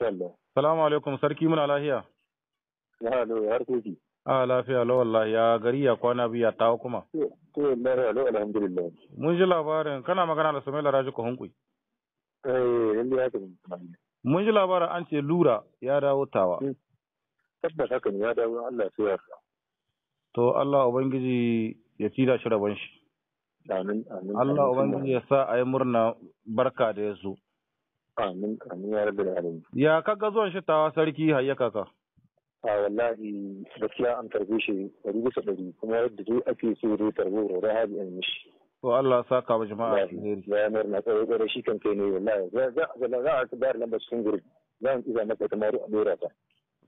Allah salamu alaikum sarki muna lahiya. ya halo ya harkoki. a lafiya lo wallahi ya gari ya kwana ya tawo kuma Ko wallahi lo alhamdulillah mun ji labarin kana magana da Samuel Raji ko hunkui eh inda ya mun ji labarin an ce lura ya dawo tawa hmm. tabbas haka ne ya dawo Allah sai ya to Allah ubangiji ya ci da shi rabon shi Allah Ubangiji ya sa a yi murna barka da ya zo. Amin, amin ya rabu da Ya kaga zuwan shi ta sarki hayya kaka. a wallahi gaskiya an tarbe shi ɗari bisa ɗari kuma yadda dai ake so dai wa rora hadi an mishi. To Allah sa saka wa jama'a alheri. Ya mayar na tsaye ƙwarar shi kan kai ne wallahi za a ci bayar lambar cikin gurbi za a iza masa kamar a ɗora ta.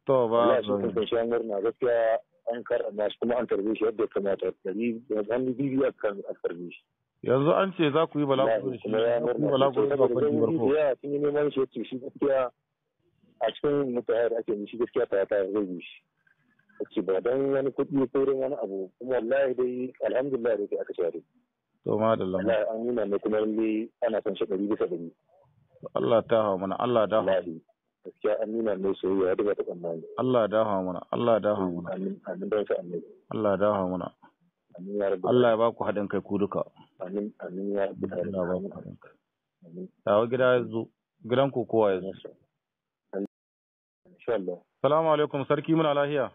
To ba a zo. Ya shi kan murna gaskiya an karɓa kuma an tarbe shi yadda ya kamata ɗari da hannu biyu a karɓe shi. yanzu an ce za ku yi balagu da shi balagu da kafin farko ku shi da ake gaskiya ko wani abu alhamdulillah to ma da lamu Allah Allah ta hawa mana Allah da hawa gaskiya an nuna ne soyayya daga ta tsammani Allah da hawa mana Allah da hawa mana amin amin sa Allah da hawa mana Allah ya ba ku haɗin kai ku duka. amin amin ya bi dawo gida ya zo gidan ku kowa ya zo insha Allah alaikum sarki muna lafiya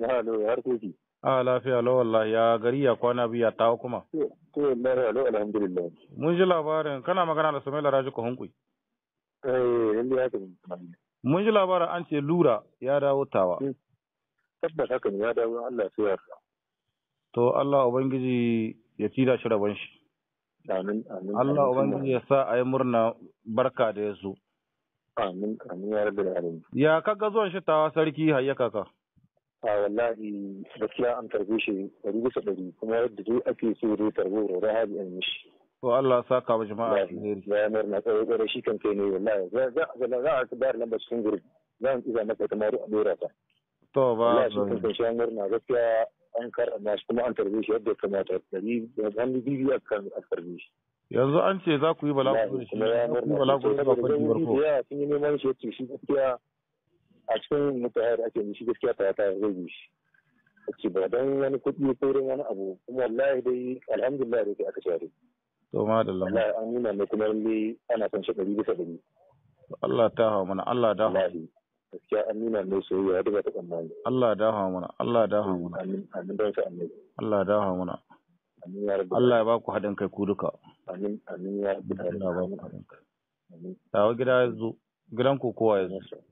ya lo har koki a lafiya lo wallahi ya gari ya kwana biya tawo kuma to alhamdulillah mun ji labarin kana magana da Sumaila Raji ko hunkui eh inda ya mun ji labarin an ce lura ya dawo tawa eh, ne ya dawo Allah ya to Allah ubangiji ya tira shi rabon shi Allah ubangiji ya sa a yi murna barka da ya zo amin amin ya rabu da alamin ya kaga zuwan shi tawa sarki hayya kaka a wallahi gaskiya an tarbe shi ɗari bisa ɗari kuma yadda duk ake so zai dai wa da hali an mishi To Allah sa ka jama'a alheri. Ya yi murna tsaro tsaro shi kan kai ne wallahi. Za a za da bayar lamba cikin gurbi. Za mu iza masa kamar a ɗora ta. To ba. Allah shi kan shi murna gaskiya an karama shi kuma an tarbe shi yadda kamata dari hannu biyu a kan a tarbe shi. yanzu an ce za ku yi balaguro shi balaguro da kwan jibar ko. ya sun yi neman shi yadda shi gaskiya a cikin mutahar ake shi gaskiya ta ta zai yi shi. ake ba don wani kuɗi ko wani abu kuma wallahi dai alhamdulillah dai aka share. to ma da lamu. an nuna mai kuma lalle ana son shi ɗari bisa ɗari. Allah ta hawa mana Allah da hawa. gaskiya an nuna mai soyayya ya daga ta tsammani Allah dafa mana Allah dafa mana amin amin don sa annabi Allah dafa mana amin ya rabbi Allah ya ba ku haɗin kai ku duka amin amin ya rabbi Allah ya ba ku haɗin kai amin tawo gida ya zo gidan ku kowa ya zo